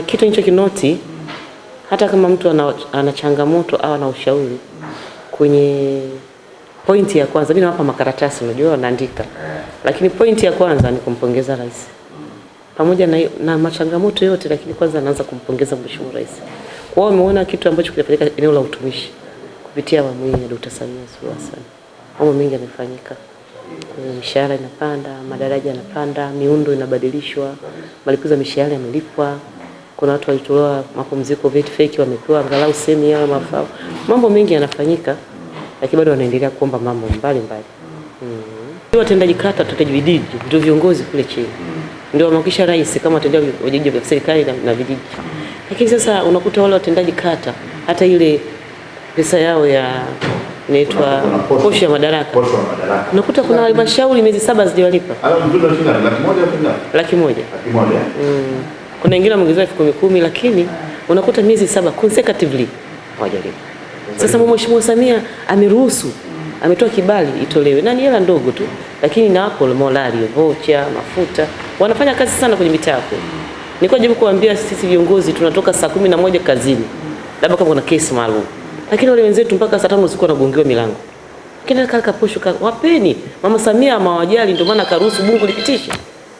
kitu nicho kinoti, hata kama mtu ana, ana changamoto au ana ushauri kwenye pointi ya kwanza, mimi nawapa makaratasi, unajua naandika, lakini pointi ya kwanza ni kumpongeza rais pamoja na, na machangamoto yote, lakini kwanza naanza kumpongeza mheshimiwa rais. kwao. hiyo umeona kitu ambacho kinafanyika eneo la utumishi kupitia awamu hii ya Dkt. Samia Suluhu Hassan, mambo mengi yamefanyika. Mishahara inapanda, madaraja yanapanda, miundo inabadilishwa, malipo ya mishahara yamelipwa kuna watu walitolewa mapumziko, vyeti fake, wamepewa angalau sehemu yao mafao. Mambo mengi yanafanyika, lakini bado wanaendelea kuomba mambo mbalimbali. Hmm. Watendaji kata, watendaji vijiji ndio viongozi kule chini, ndio wamwakisha rais kama watendaji vijiji vya serikali na, na vijiji. Lakini sasa unakuta wale watendaji kata hata ile pesa yao ya inaitwa posho ya madaraka, unakuta kuna halmashauri miezi saba zijawalipa laki moja, laki moja. Mm kuna wengine wameongezewa elfu kumi kumi, lakini unakuta miezi saba consecutively hawajalipa. Sasa Mheshimiwa Samia ameruhusu, ametoa kibali itolewe, na ni hela ndogo tu, lakini na hapo morali, vocha, mafuta, wanafanya kazi sana kwenye mitaa yako. Nilikuwa jaribu kuambia sisi viongozi tunatoka saa kumi na moja kazini, labda kama kuna kesi maalum, lakini wale wenzetu mpaka saa tano usiku wanagongewa milango kila kaka posho, wapeni Mama Samia amawajali, ndio maana karuhusu bungu lipitishe